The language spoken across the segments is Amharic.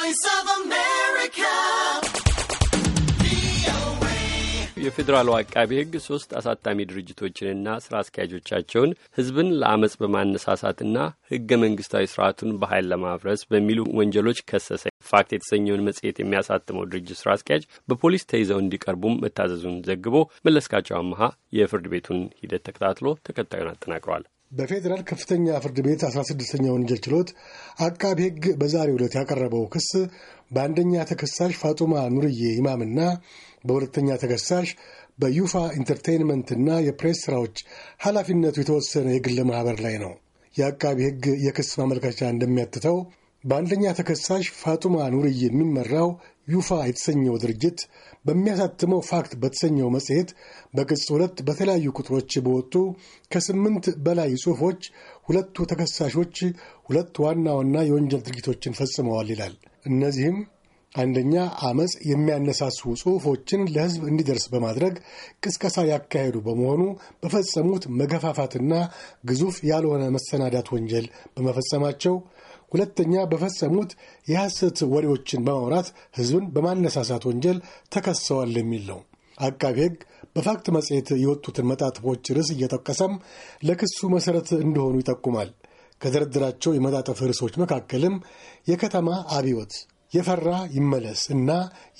ቮይስ ኦፍ አሜሪካ የፌዴራሉ አቃቢ ሕግ ሶስት አሳታሚ ድርጅቶችንና ስራ አስኪያጆቻቸውን ህዝብን ለአመፅ በማነሳሳትና ህገ መንግስታዊ ስርዓቱን በኃይል ለማፍረስ በሚሉ ወንጀሎች ከሰሰ። ፋክት የተሰኘውን መጽሔት የሚያሳትመው ድርጅት ስራ አስኪያጅ በፖሊስ ተይዘው እንዲቀርቡም መታዘዙን ዘግቦ መለስካቸው አመሃ የፍርድ ቤቱን ሂደት ተከታትሎ ተከታዩን አጠናቅሯል። በፌዴራል ከፍተኛ ፍርድ ቤት 16ኛ ወንጀል ችሎት አቃቢ ሕግ በዛሬ ዕለት ያቀረበው ክስ በአንደኛ ተከሳሽ ፋጡማ ኑርዬ ኢማምና በሁለተኛ ተከሳሽ በዩፋ ኢንተርቴይንመንትና የፕሬስ ሥራዎች ኃላፊነቱ የተወሰነ የግል ማኅበር ላይ ነው። የአቃቢ ሕግ የክስ ማመልከቻ እንደሚያትተው በአንደኛ ተከሳሽ ፋጡማ ኑርዬ የሚመራው ዩፋ የተሰኘው ድርጅት በሚያሳትመው ፋክት በተሰኘው መጽሔት በቅጽ ሁለት በተለያዩ ቁጥሮች በወጡ ከስምንት በላይ ጽሑፎች ሁለቱ ተከሳሾች ሁለት ዋና ዋና የወንጀል ድርጊቶችን ፈጽመዋል ይላል። እነዚህም አንደኛ አመፅ የሚያነሳሱ ጽሑፎችን ለሕዝብ እንዲደርስ በማድረግ ቅስቀሳ ያካሄዱ በመሆኑ በፈጸሙት መገፋፋትና ግዙፍ ያልሆነ መሰናዳት ወንጀል በመፈጸማቸው ሁለተኛ በፈጸሙት የሐሰት ወሬዎችን በማውራት ሕዝብን በማነሳሳት ወንጀል ተከሰዋል የሚል ነው። አቃቤ ሕግ በፋክት መጽሔት የወጡትን መጣጥፎች ርዕስ እየጠቀሰም ለክሱ መሠረት እንደሆኑ ይጠቁማል። ከደረደራቸው የመጣጠፍ ርዕሶች መካከልም የከተማ አብዮት የፈራ ይመለስ እና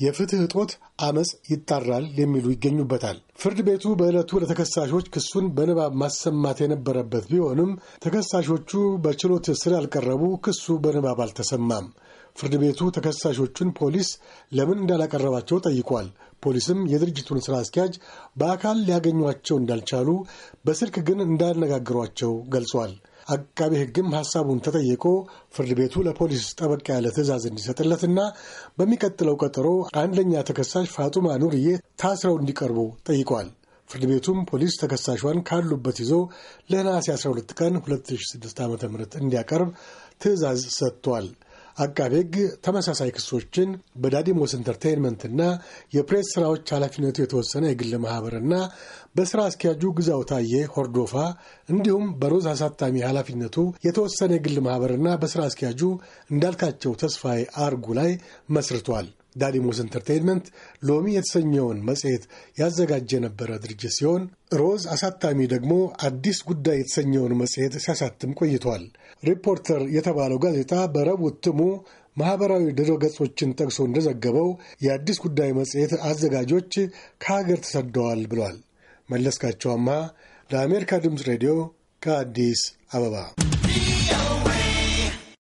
የፍትህ እጦት አመፅ ይጣራል የሚሉ ይገኙበታል። ፍርድ ቤቱ በዕለቱ ለተከሳሾች ክሱን በንባብ ማሰማት የነበረበት ቢሆንም ተከሳሾቹ በችሎት ስላልቀረቡ ክሱ በንባብ አልተሰማም። ፍርድ ቤቱ ተከሳሾቹን ፖሊስ ለምን እንዳላቀረባቸው ጠይቋል። ፖሊስም የድርጅቱን ሥራ አስኪያጅ በአካል ሊያገኟቸው እንዳልቻሉ፣ በስልክ ግን እንዳነጋግሯቸው ገልጿል። አቃቢ ሕግም ሀሳቡን ተጠይቆ ፍርድ ቤቱ ለፖሊስ ጠበቅ ያለ ትዕዛዝ እንዲሰጥለትና በሚቀጥለው ቀጠሮ አንደኛ ተከሳሽ ፋጡማ ኑርዬ ታስረው እንዲቀርቡ ጠይቋል። ፍርድ ቤቱም ፖሊስ ተከሳሿን ካሉበት ይዞ ለነሐሴ 12 ቀን 2006 ዓ ም እንዲያቀርብ ትዕዛዝ ሰጥቷል። አቃቤ ሕግ ተመሳሳይ ክሶችን በዳዲሞስ ኢንተርቴይንመንትና የፕሬስ ሥራዎች ኃላፊነቱ የተወሰነ የግል ማኅበርና በሥራ አስኪያጁ ግዛው ታዬ ሆርዶፋ እንዲሁም በሮዝ አሳታሚ ኃላፊነቱ የተወሰነ የግል ማኅበርና በሥራ አስኪያጁ እንዳልካቸው ተስፋዬ አርጉ ላይ መስርቷል። ዳሊሞስ ኢንተርቴይንመንት ሎሚ የተሰኘውን መጽሔት ያዘጋጀ የነበረ ድርጅት ሲሆን ሮዝ አሳታሚ ደግሞ አዲስ ጉዳይ የተሰኘውን መጽሔት ሲያሳትም ቆይቷል። ሪፖርተር የተባለው ጋዜጣ በረቡዕ እትሙ ማኅበራዊ ገጾችን ጠቅሶ እንደዘገበው የአዲስ ጉዳይ መጽሔት አዘጋጆች ከሀገር ተሰደዋል ብሏል። መለስካቸው አምሃ ለአሜሪካ ድምፅ ሬዲዮ ከአዲስ አበባ